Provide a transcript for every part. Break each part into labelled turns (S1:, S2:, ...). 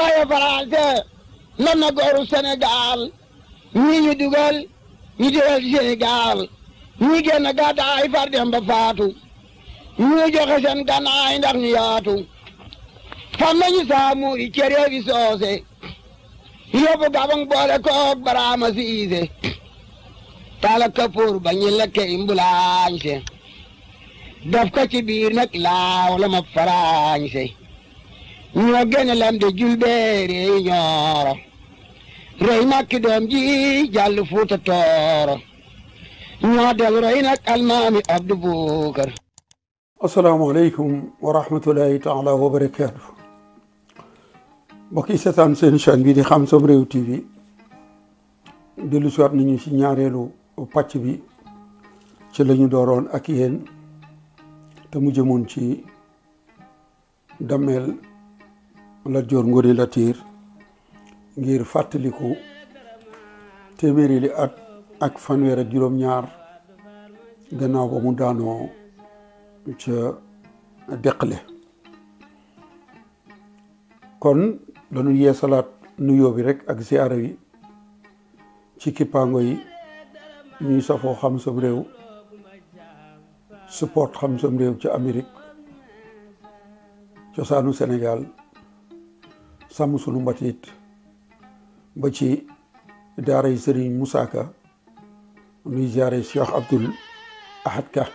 S1: waaye Faranse man na gooru Sénégal ci biir nag laaw la ma faraañse ñoo gën a lam de ñooro rey makki doom ji jàll fuuta tooro ñoo del rey nag almaami abdu buukar
S2: asalaamaaleykum wa rahmatullahi taala wa barakaatu mbokk yi seetaan seen chaîne bi di xam sam réew tv dellu siwaat nañu si ñaareelu pàcc bi ci la dooroon ak yéen te ci dameel la Joor Ngoone Latiir ngir fàttaliku téeméeri li at ak fanweer ak juróom-ñaar gannaaw ba mu daanoo ca Deqle kon dañu yeesalaat nuyoo bi rek ak ziyaara yi ci kippaango yi ñuy safoo xam sam réew support xam sam réew ca Amérique cosaanu Sénégal sàmm sunu mbatiit ba ci daara serigne Moussa Ka nuy ziare Cheikh Abdoul Ahad Ka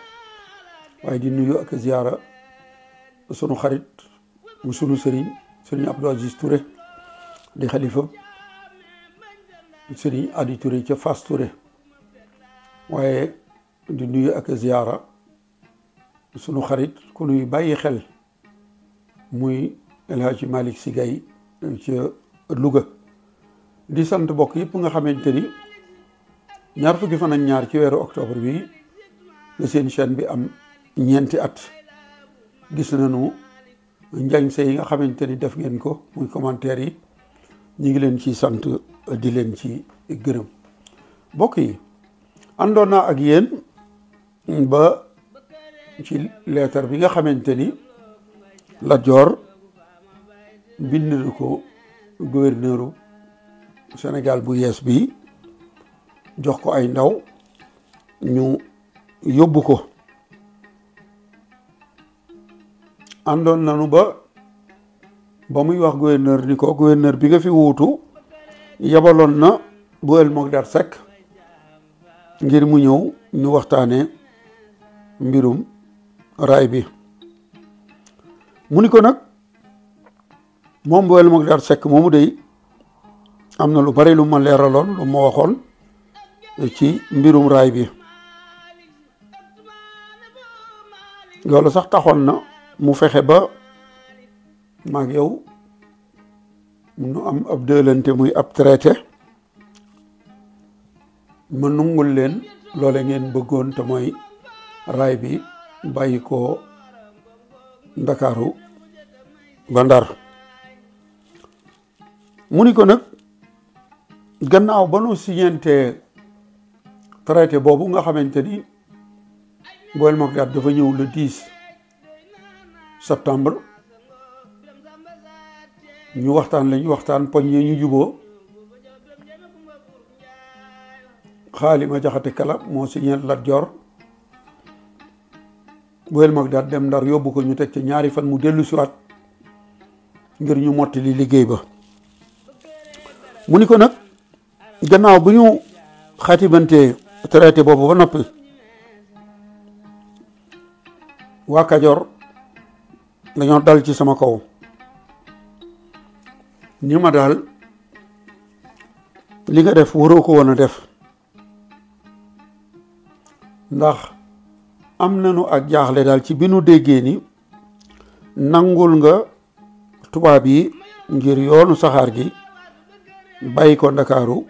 S2: way di nuyu ak ziara sunu xarit mu sunu serigne serigne Abdou Aziz Touré di khalifa serigne Adi Touré ci Fass Touré waaye di nuyu ak ziara sunu xarit ku nuy bàyyi xel muy El Hadji Malick ci Louga di sant bokk yëpp nga xamante ni ñaar fukki fan ñaar ci weeru octobre bi la seen chaîne bi am ñeenti at gis nañu njañse yi nga xamante ni def ngeen ko muy commentaire yi ñu ngi leen ci sant di leen ci gërëm bokk yi àndoon naa ak yéen ba ci leetar bi nga xamante ni Lat Joor bind na ko gouverneuru senegal bu yees bi jox ko ay ndaw ñu yóbbu ko àndoon nanu ba ba muy wax gouverneur ni ko gouverneur bi nga fi wutu yebaloon na Boel Mokdar Seck ngir mu ñëw ñu waxtaane mbirum raay bi mu ni ko nag moom boole mag daal sekk moomu day am na lu bari lu ma leeraloon lu ma waxoon ci mbirum raay bi loolu sax taxoon na mu fexe ba maag yow nu am ab dëlante muy ab traité ma nungul leen loole ngeen bëggoon te mooy raay bi bàyyi ko ndakaaru ba ndar mu ni ko nag gannaaw ba nu traité boobu nga xamante ni Boel Makhtar dafa ñëw le 10 septembre ñu waxtaan lañu waxtaan poñ ya ñu juboo xaalima jaxati kala moo signé la Joor Boel Makhtar dem ndar yóbbu ko ñu teg ci ñaari fan mu dellu siwaat ngir ñu li liggéey ba mu ni ko nag gannaaw bu ñu xaatibante traité boobu ba noppi waa Kajoor dañoo dal ci sama kaw ni ma daal li nga def waroo ko woon a def ndax am nañu ak jaaxle daal ci bi nu déggee ni nangul nga tubaab yi ngir yoonu saxaar gi bàyyi ko ndakaaru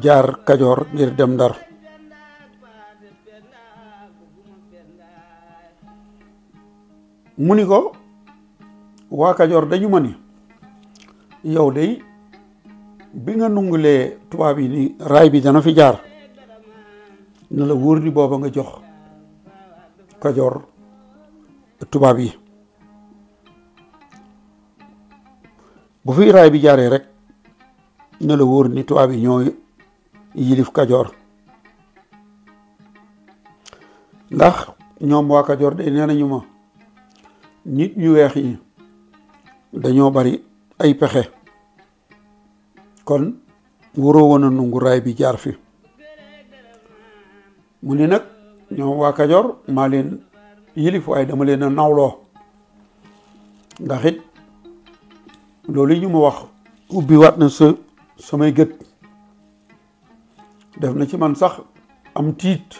S2: jaar kajoor ngir dem ndar mu ni ko waa kajoor dañu ma ni yow day bi nga nungulee tubaab yi ni raay bi dana fi jaar na la wóor ni booba nga jox kajoor tubaab yi bu fi raay bi jaaree rek na la wóor ni yilif kajoor ndax ñoom waa kajoor de nee nañu ma nit ñu weex yi dañoo bari ay pexe kon waroo woon a nungu raay bi jaar fi mu ni nag ñoom wa kajoor maa leen yilif waaye dama leen a nawloo ndax it wax ubbi waat na sa samay gët def na ci man sax am tiit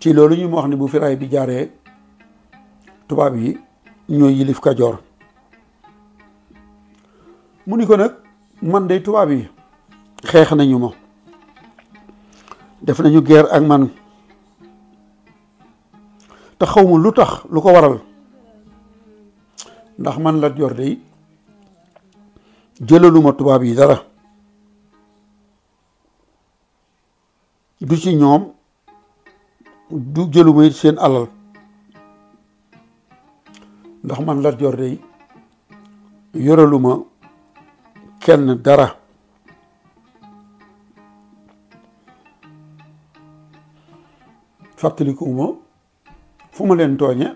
S2: ci loolu ñu ma wax ne bu fi raay bi jaaree tubaab yi ñooy yilif Kajoor mu ni ko nag man dey tubaab yi xeex nañu ma def nañu guerre ak man te xaw ma lu tax lu ko waral ndax man Lat Joor day jëlaluma tubaab yi dara du ci ñoom du jëluma it seen alal ndax man Lat Joor dey yoraluma kenn dara fàttalikuwuma fu ma leen tooñe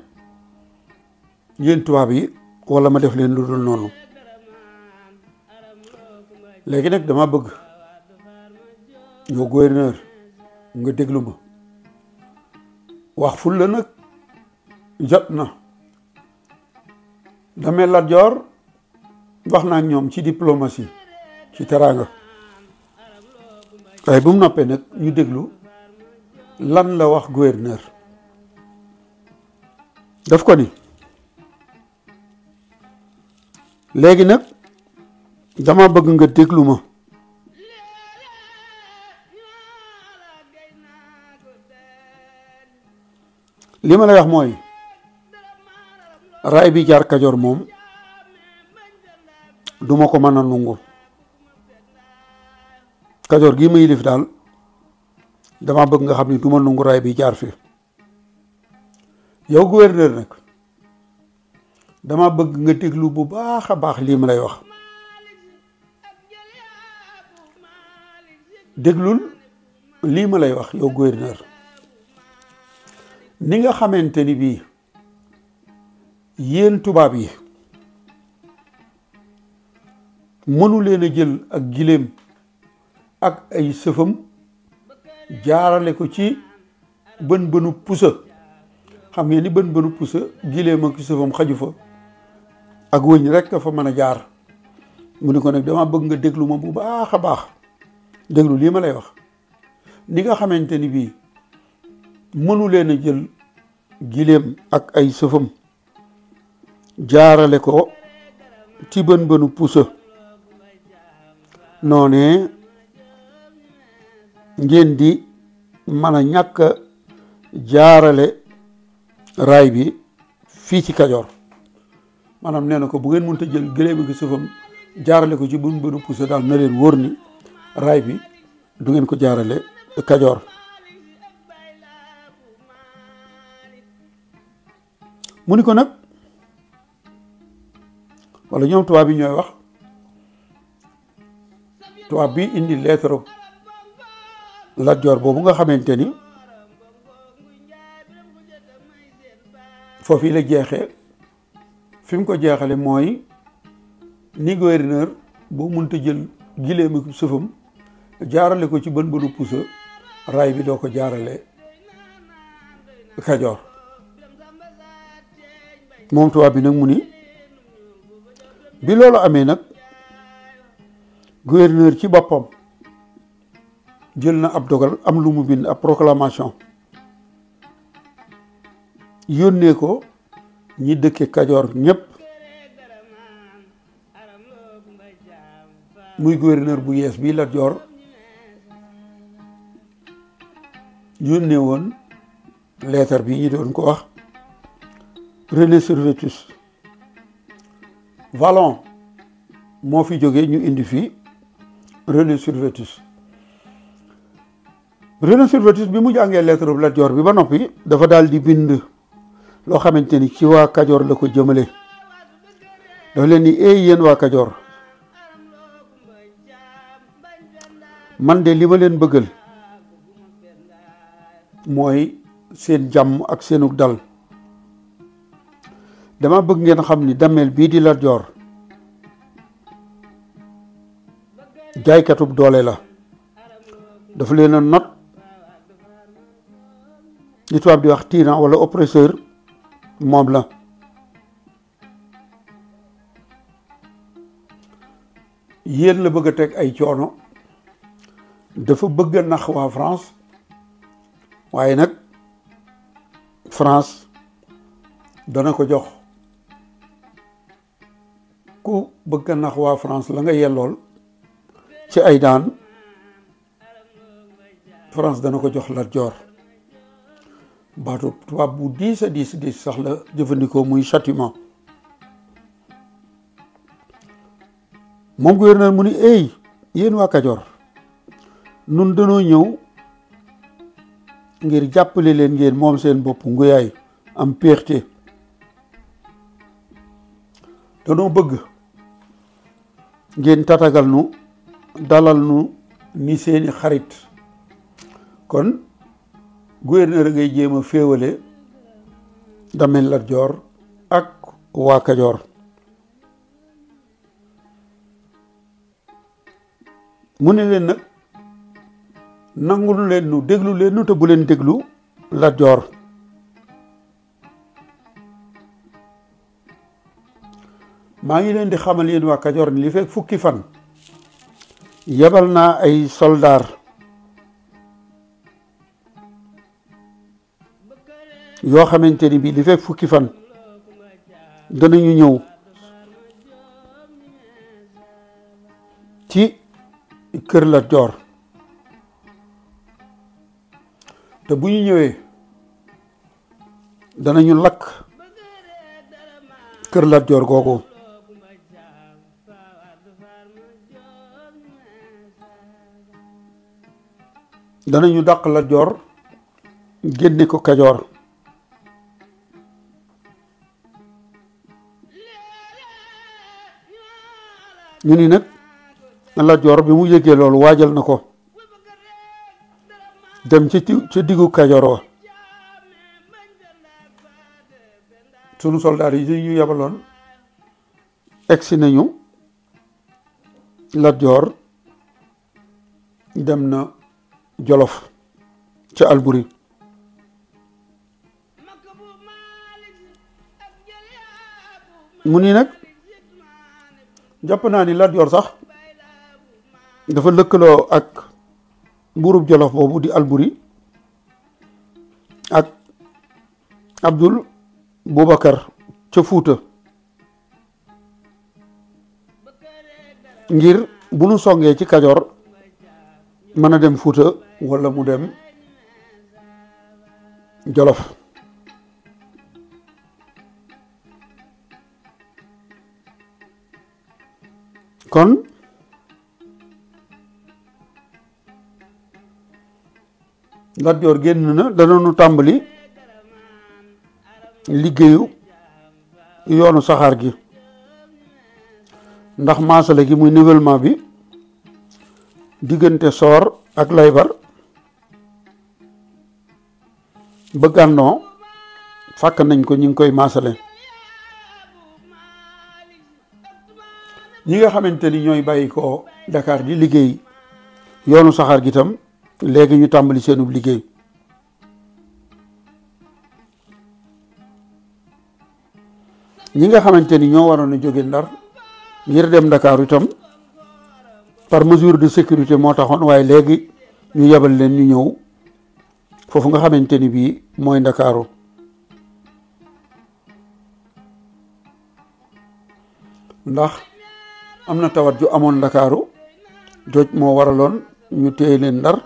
S2: yéen tubaab yi walla ma def leen lu dul noonu léegi nag dama bëgg yow gouverneur nga déglu wax ful la nag jot na damay Lat Joor wax naa ñoom ci diplomatie ci teraanga waaye bu mu noppee nag ñu déglu lan la wax gouverneur daf ko ni léegi nag dama bëgg nga déglu ma li ma lay wax mooy raay bi jaar Kajoor moom duma ko mën a nungu Kajoor gi ma yilif daal dama bëgg nga xam ni duma nungu raay bi jaar fi yow gouverneur nag dama bëgg nga déglu bu baax a baax lii ma lay wax déglul lii ma lay wax yow gouverneur ni nga xamante ni bii yéen tubaab yi mënu leen a jël ak gileem ak ay sëfam jaarale ko ci bën bënu pusa xam ngeen ni bën bënu pusa gileem ak sëfam xaju fa ak wëñ rekk a fa mën a jaar mu ni ko nag dama bëgg nga déglu ma bu baax a baax déglu lii ma lay wax ni nga xamante ni bii mënu leen a jël gileem ak ay sëfam jaarale ko ci bënbënu bënu pusa noonee ngeen di mën a ñàkk jaarale raay bi fii ci Kajoor maanaam nee na ko bu ngeen jël gileem ak sëfam jaarale ko ci bën bënu pusa daal na leen wóor ni ray bi du ngeen ko jaarale kajoor mu ni ko nag wala ñoom tubaab bi ñooy wax tubaab bi indi lettre la jor boobu nga xamante ni foofu la jeexee fi mu ko jeexale mooy ni gouverneur boo mënta jël gileem ak jaarale ko ci bën bënu pusa raay bi doo ko jaarale kajoor moom tubaab bi nag mu ni bi loolu amee nag gouverneur ci boppam jël na ab dogal am lu mu bind ab proclamation yónnee ko ñi dëkke kajoor ñépp muy gouverneur bu yees bii la Joor yónnee woon letter bi ñu doon ko wax René Servetus valon, moo fi jógee ñu indi fii René Servetus René Servetus bi mu jàngee leetaru la jor bi ba noppi dafa daal di bind loo xamante ni ci waa kajor, la ko jëmale dafa leen ni e yéen waa Kajoor man de li ma leen bëggal mooy seen jàmm ak seenu dal dama bëgg ngeen xam ni dameel bii di la Joor jaaykatub doole la dafa leen a not li tubaab di wax tiirant walla oppresseur moom la yéen la bëgg a teg ay coono dafa bëgg a nax waa France waaye nag France dana ko jox ku bëgg a nax France la nga yellool ci ay daan France dana ko jox jor, Joor baatu tubaab bu diis a diis diis sax la jëfandikoo muy châtiment moom gouverneur mu ni ey yéen waa nun danoo ñëw ngir jàppale leen ngeen moom seen bopp nguyaay am péexte danoo bëgg ngeen tatagal nu dalal nu ni seeni xarit kon gouverneur ngay jéem a féewale Damel la Joor ak waa Kajoor mu ne leen nag nangul leen nu déglu leen nu te bu leen déglu Lat maa ngi leen di xamal yéen waa Kajoor ni li fekk fukki fan yebal naa ay soldaar yoo xamante ni bii li fekk fukki fan danañu ñëw ci kër Lat te bu ñu ñëwee danañu lakk kër Lat Joor googu danañu dàq Lat Joor génne ko Kajoor ñu ni nag Lat Joor bi mu yëgee loolu waajal na ko dem ci ci diggu Kajoor wa sunu soldaar yi ñu yebaloon egsi nañu Lat Joor dem na Jolof ci Alburi mu ni nag jàpp naa ni Lat Joor sax dafa lëkkaloo ak buurub jolof boobu di Alburi ak Abdul Boubacar ca Fuuta ngir bu nu songee ci Kajoor mën a dem Fuuta walla mu dem Jolof kon Lat Joor génn na nu tàmbali liggéeyu yoonu saxaar gi ndax maasale gi muy nivellement bi diggante soor ak laybar ba gànnoo fàkk nañ ko ñu ngi koy maasale ñi nga xamante ni ñooy bàyyi ko Dakar di liggéey yoonu saxaar gi tam léegi ñu tàmbali seenub liggéey ñi nga xamante ni ñoo waroon a jóge ndar ngir dem ndakaaru itam par mesure de sécurité moo taxoon waaye léegi ñu yebal leen ñu ñëw foofu nga xamante ni bii mooy ndakaaru ndax am na tawat ju amoon ndakaaru joj moo waraloon ñu téye leen ndar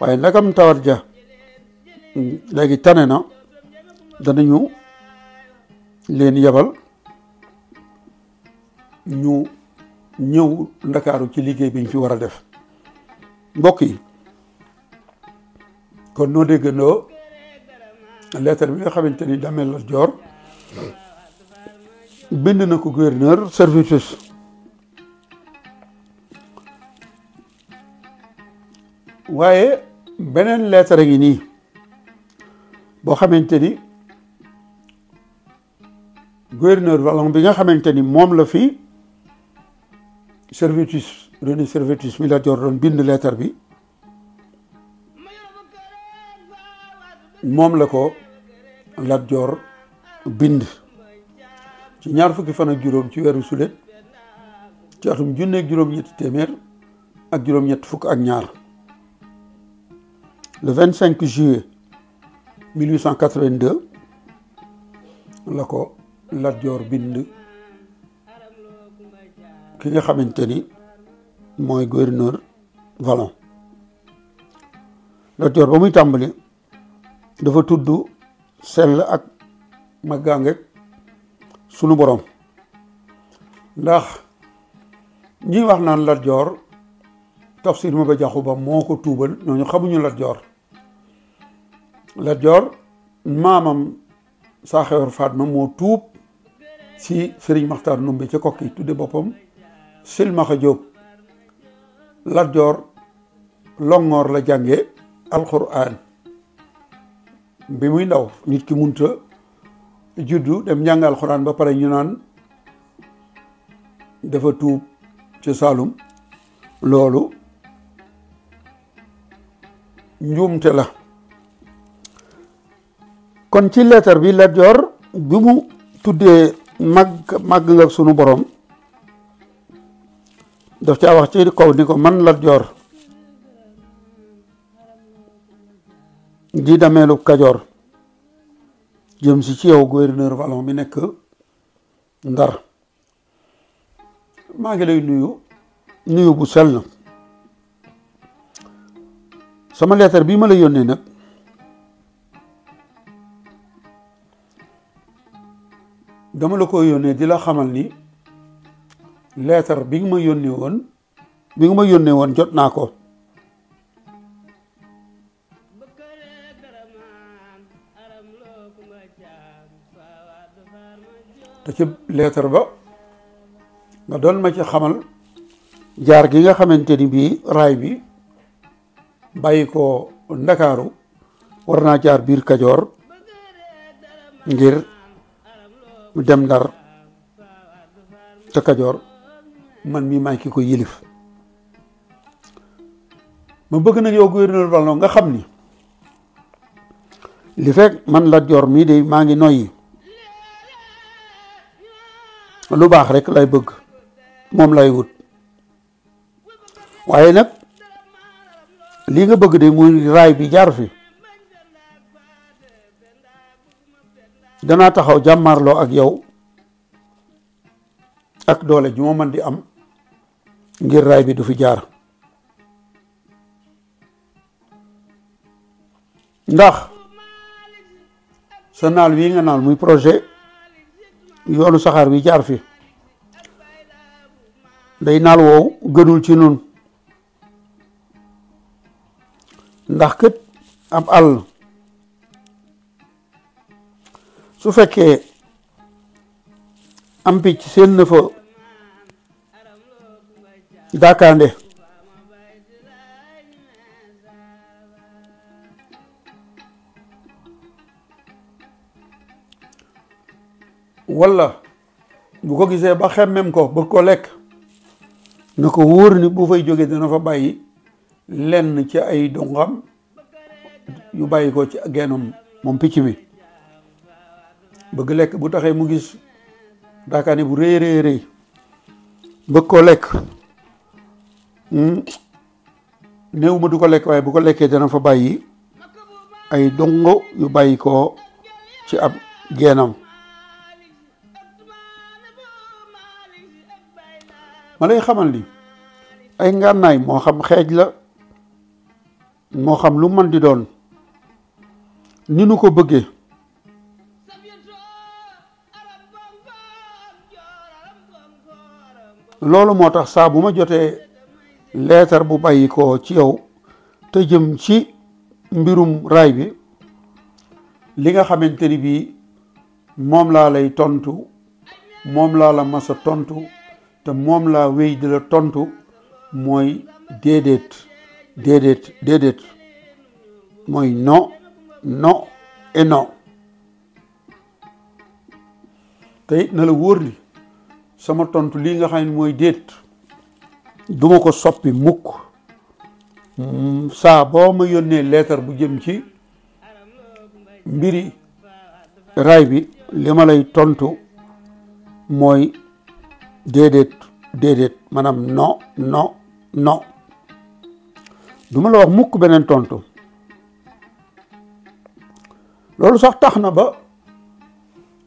S2: waaye ndagam tawat ja léegi tane na danañu leen yabal ñu ñëw ndakaaru ci liggéey bi ñu fi war a def mbokk kon noo déggandoo lettre bi nga xamante ni Damel Lat Joor bind na ko gouverneur Servitus waaye beneen lettre ngi nii boo xamante ni gouverneur Vallon bi nga xamante ni moom la fi Servetus René Servetus mi la doon bind lettre bi moom la ko latjoor bind ci ñaar fukki fan ak juróom ci weeru sulet ci atum junneeg juróom-ñetti téeméer ak juróom-ñett fukk ak ñaar le 25 juillet 1882 la ko Lat Joor bind ki nga xamante ni mooy gouverneur Vallon Lat ba muy tàmbali dafa tudd sell ak màggaangeeg sunu borom ndax ñi wax naan Lat Joor tafsir ma ba jaxu ba moo ko tuubal ñooñu xamuñu Lat Joor Lat mamam maamam Saaxewoor Fatma mo tuub ci serigne makhtar Numbe ci kokki tudde boppam Silmaxa Jóob la jor longor la jànge alquran bi muy ndaw nit ki munta juddu dem njàng alquran ba pare ñu naan dafa tuub ci salum loolu njuumte la kon ci leetar bi Lat jor bi mu tuddé mag mag nga sunu borom daf ci wax ci ko ni ko man la jor di dameelu Kajoor jëm ci ci yow gouverneur valon mi nek Ndar ma ngi lay nuyu nuyu bu sel sama leetar bi ma la yónnee nak dama la ko yónnee di la xamal ni leetar bi ma yónnee woon bi nga ma yónnee woon jot naa ko te ci leetar ba nga doon ma ci xamal jaar gi nga xamante ni bii raay bi bàyyi ko ndakaaru war naa jaar biir kajoor ngir mu dem ndar ca Kajoor man mii maay ki ko yilif ma bëgg nag yow gouverneur Valno nga xam ni li fekk man Lat Joor mii de maa ngi noyyi lu baax rek lay bëgg moom lay wut waaye nag lii nga bëgg de muy raay bi jaar fi danaa taxaw jàmmaarloo ak yow ak doole ju ma mën di am ngir raay bi du fi jaar ndax sa naal wi nga naal muy projet yoonu saxaar wi jaar fi day naal woow gënul ci nun ndax kët ab àll su fekkee am picc seen na fa daakaande walla bu ko gisee ba xemmem ko ba ko lekk na ko wóor ni bu fay jógee dina fa bàyyi lenn ci ay dongam yu bàyyi ko ci gennom moom picc mi bëgg lekk bu taxee mu gis daakaane bu rëy rëy rëy bëgg koo lekk néew ma du ko lekk waaye bu ko lekkee dana fa bàyyi ay dongo yu bàyyi ko ci ab geenam ma lay xamal ni ay ngànnaay moo xam xeej la moo xam lu man di doon ni nu ko bëggee loolu moo tax saa bu ma jotee leetar bu bàyyi ko ci yow te jëm ci mbirum raay bi li nga xamante ni bii moom laa lay tontu moom laa la masa tontu te moom laa wéy tontu mooy déedéet déedéet déedéet mooy non non et non te it na la wóor li sama tontu lii nga xam ne mooy déet duma ko soppi mukk mm, saa boo ma yónnee leetar bu jëm ci mbiri raay bi li ma lay tontu mooy déedéet déedéet maanaam non non non du la wax mukk beneen tontu loolu sax tax na ba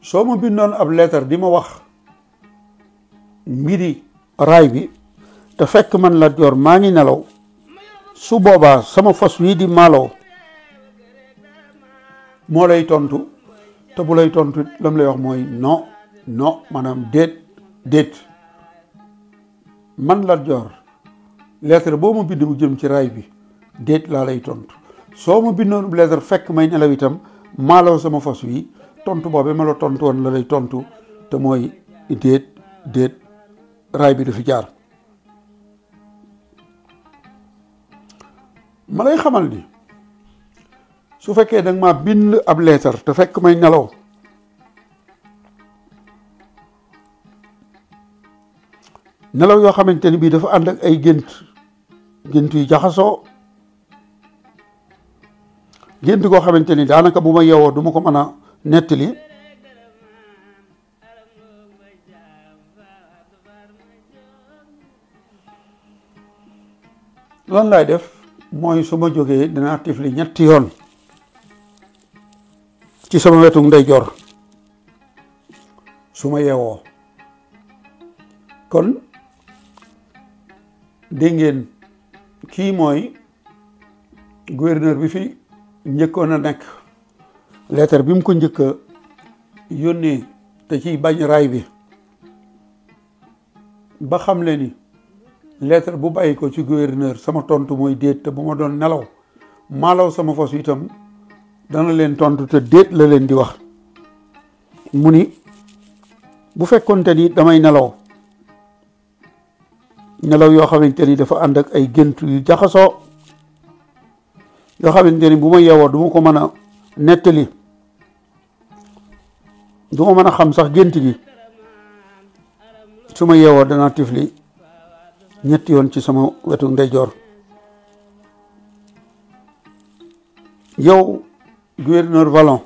S2: soo ma bindoon ab lettre di ma wax mbiri raay bi te fekk man Lat Joor maa ngi nelaw su boobaa sama fas wii di maaloo moo lay tontu te bu lay tontu lam lay wax mooy non no maanaam déet déet man Lat Joor lettre boo ma bind mu jëm ci raay bi déet laa lay tontu soo ma bindoon ab lettre fekk may nelaw itam maaloo sama fas wi tontu boobee ma la tontu woon la lay tontu te mooy déet déet raay bi du fi jaar ma lay xamal ni su fekkee danga ma bind ab leetar te fekk may nelaw nelaw yoo xamante ni bii dafa ànd ak ay gént gént yu jaxasoo gént koo xamante ni daanaka bu ma yeewoo du ma ko mën nettali lan laay def mooy su ma jógee dinaa tifli ñetti yoon ci sama wetu ndeyjoor su ma yeewoo kon dégg kii mooy gouverneur bi fi njëkkoon a nekk lettre bi mu ko njëkk yónnee te ciy bañ raay bi ba xam le ni lettre bu bàyyi ko ci gouverneur sama tontu mooy déet te bu ma doon nelaw maalaw sama fos itam dana leen tontu te déet la leen di wax mu ni bu fekkonte ni damay nelaw nelaw yoo xamante ni dafa ànd ak ay gént yu jaxasoo yoo xamante ni bu ma yeewoo du ko mën a nettali du ma mën xam sax genti gi suma yewo dana tifli ñetti yoon ci sama wetu jor yow gouverneur valon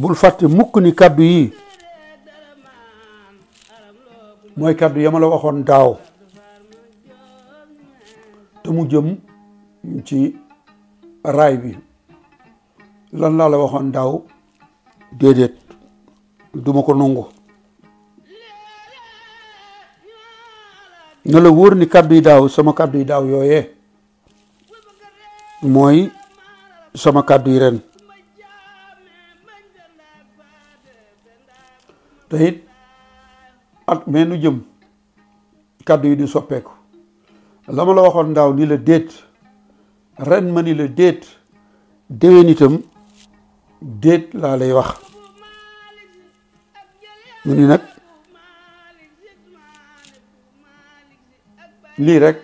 S2: bul fatte mukk ni kaddu yi mooy kaddu yama la waxoon daaw te mu jëm ci raay bi lan laa la waxoon daaw déedéet duma ko nangu na la wóor ni kàddu yi daaw sama kàddu yi daaw yooyee mooy sama kàddu yi ren te it at jëm kàddu yi du soppeeku la ma la waxoon daaw ni la déet ren ma ni la déet déwén déet laa lay wax mu ni nag lii rek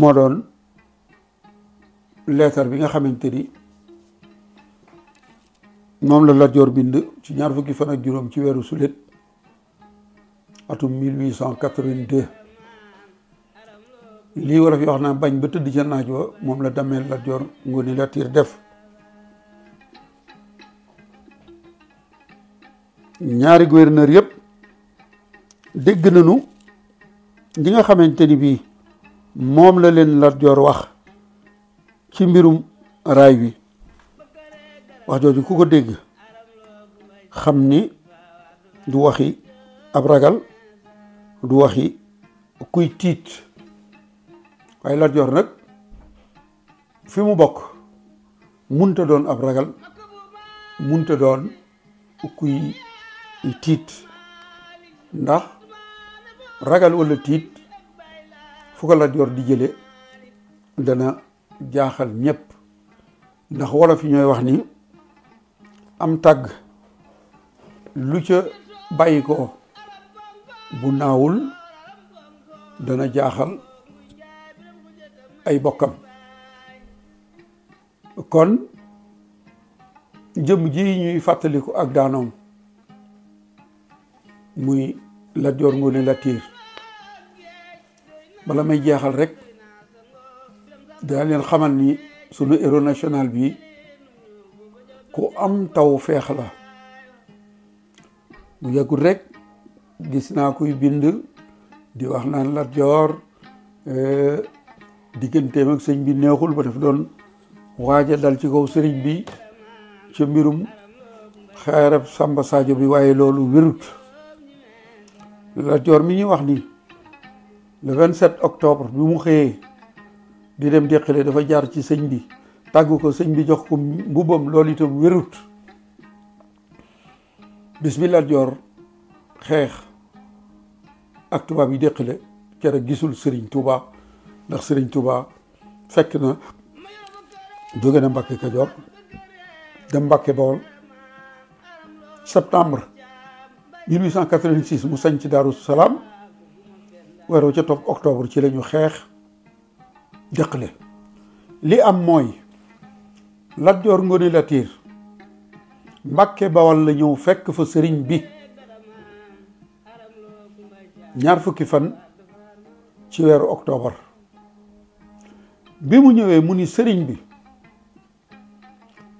S2: moo doon leetar bi nga xamante ni moom la Lat bind ci ñaar fukki fan juróom ci weeru sulet atum 1882 lii wolof yi wax naa bañ ba tëdd ca naaj wa moom la dameel Lat Joor Ngoone Latiir def ñaari gouverneur yëpp dégg nañu li nga xamante ni bii moom la leen Lat Joor wax ci mbirum raay bi wax jooju ku ko dégg xam ni du waxi ab ragal du waxi kuy tiit waaye Lat Joor nag fi mu bokk munta doon ab ragal munta doon kuy itit na ragal wala tit fu ko di jele dana jaaxal ñëpp ndax wala fi ñoy wax ni am tag lu ca bayiko bu nawul dana jaaxal ay bokkam kon jëm ji ñuy fàttaliku ak daanoom muy Lat Joor la Latiir bala may jexal rek daa len xamal ni sunu héros national bi ko am taw feex la mu yàggul rek gis na kuy bind di wax la dior euh digganteem ak sëñ bi neexul ba def don waja dal ci kaw bi ci mbirum xaarab Samba Sadio bi waye lolou wirut Lat Joor mi ñuy wax nii le 27 octobre bi mu xëyee di dem deqale dafa jaar ci sëñ bi tàggu ko sëñ bi jox ko mbubbam loolu itam wérut bis bi Joor xeex ak tubaab yi deqale kere gisul sëriñ Touba ndax sëriñ Touba fekk na jóge na Mbàkke Kajoor dem mbake Bawol septembre 1886 mu sañ ci Daaru Salaam weeru ca topp octobre ci lañu xeex dëqle li am mooy Lat Joor Ngoone Latiir Mbàkke Bawal la ñëw fekk fa sëriñ bi ñaar fukki fan ci weeru octobre bi mu ñëwee mu ni sëriñ bi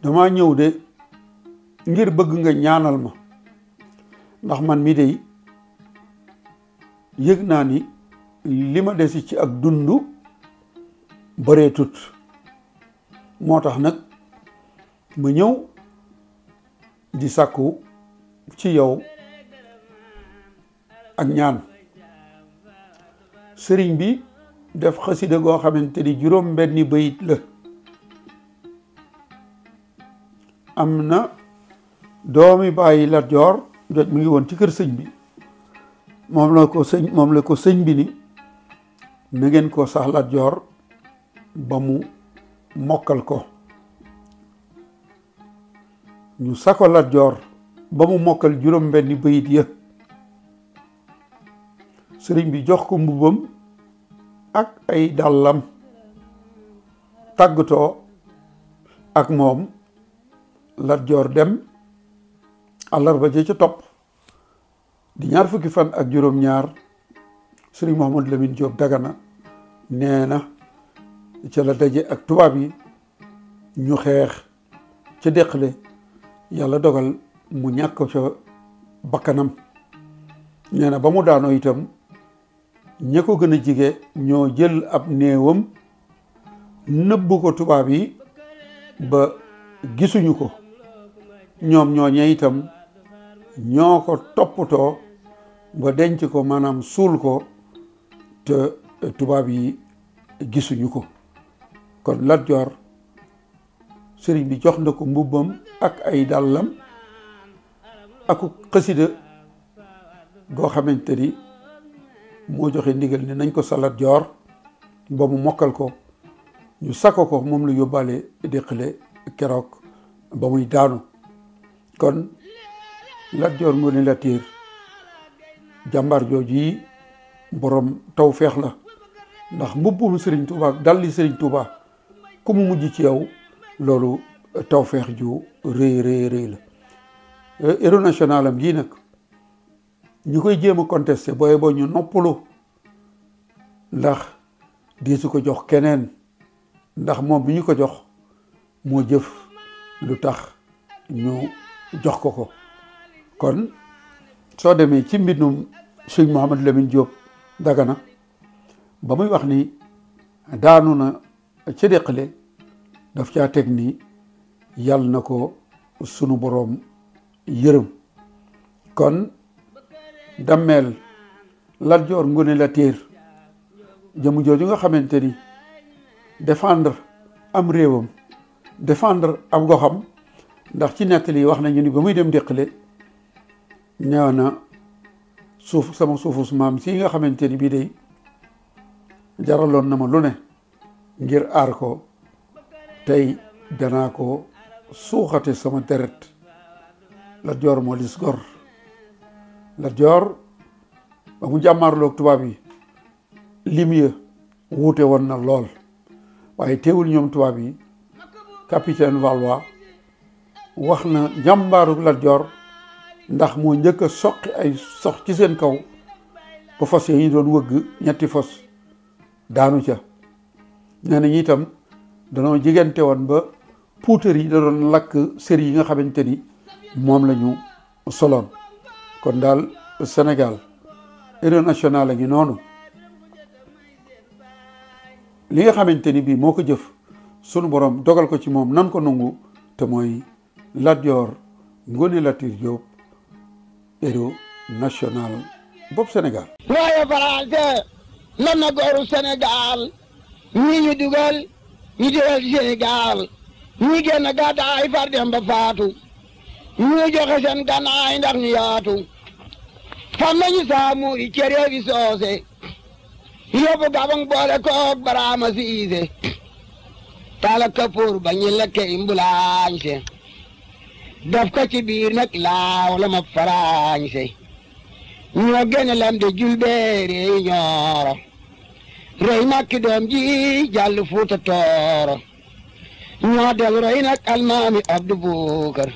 S2: dama ñëw de ngir bëgg nga ñaanal ma ndax man mi de yëg naa ni li ma desi ci ak dund bëreetut moo tax nag ma ñëw di sàkku ci yow ak ñaan sëriñ bi def xasida goo xamante ni juróom benni bayit la am na doomi bàyyi la Joor jot mi ngi won ci kër sëñ bi mom la ko sëñ mom la ko bi ni na ngeen ko saxlat jor ba mu mokal ko ñu sako Lat jor ba mu mokal juróom benni beuyit ya sëriñ bi jox ko mbubam ak ay dalam tagto ak mom Lat jor dem àllarba ji ca topp di ñaar fukki fan ak juróom-ñaar sëriñ Mouhamadou Lamine Diop Dagana nee na ca la daje ak tubaab yi ñu xeex ca Déqale yàlla dogal mu ñàkk ca bakkanam nee ba mu daanoo itam ña ko gën a jige ñoo jël ab néewam nëbbu ko tubaab yi ba gisuñu ko ñoom ñoo ñee itam ñoo ko toppatoo ba denc ko maanaam suul ko te tubaab yi gisuñu ko kon Lat Joor sëriñ bi jox na ko mbubbam ak ay dàllam aku xësida goo xamante ni moo joxe ndigal ne nañ ko sa Lat Joor ba mu mokkal ko ñu sako ko moom la yóbbaale déqale keroog ba muy daanu kon Lat Joor moo ne Latiir jàmbaar jooju yi borom taw feex la ndax mbubbum Sëriñ Tuubaa dalli Sëriñ Tuubaa ku mu mujj ci yow loolu taw feex ju rëy rëy la eh, héros national am jii nag ñu koy jéem a contesté booye boo ñu noppalu ndax di ko jox keneen ndax moom bi ñu ko jox moo jëf lu tax ñu jox ko ko kon soo demee ci mbindum sëñ Mouhamadou Lamine Diop Dagana ba muy wax ni daanu na ci déqale daf caa teg ni yàlla na ko sunu boroom yërëm kon dammeel Lat Joor ngune la Latiir jëmu jooju nga xamante ni défendre am réewam défendre am goxam ndax ci nettali wax ñu ni ba muy dem déqale ñëw na suuf sama suufus maam si nga xamante ni bii day jaraloon na ma lu ne ngir aar ko tey danaa ko suuxate sama deret la Joor moo lis gor Lat Joor ba mu jàmmaarloog tubaab yi lim ya wuute woon na lool waaye teewul ñoom tubaab yi capitaine Valois wax na jàmbaarug la Joor ndax moo njëkk a soqi ay sox ci seen kaw ba fas yi doon wëgg ñetti fos daanu ca nee nañ itam danoo jigante woon ba puutar yi da doon lakk sër yi nga xamante ni moom la ñu soloon kon daal senegal héros national a ngi noonu li nga xamante ni bii moo ko jëf sunu borom dogal ko ci moom nan ko nangu te mooy Lat Joor Ngoone Latiir Jóob héros national boobu Sénégal.
S1: waaye Farañse man na gooru Sénégal ñii ñu dugal ñu dugal Sénégal ñii génn gàddaay far dem faatu ñii joxe seen gànnaay ndax ñu yaatu. fam nañu saamu yi soose yóbbu gabang boole koog baraama siise tala kapoor ba ñi lekke imbulaañse daf ko ci biir nag laaw la ma faraañse ñoo gën a lam de julbeere ñooro rey makki doom ji jàll fuuta tooro ñoo del roy nag almaami abdu buukar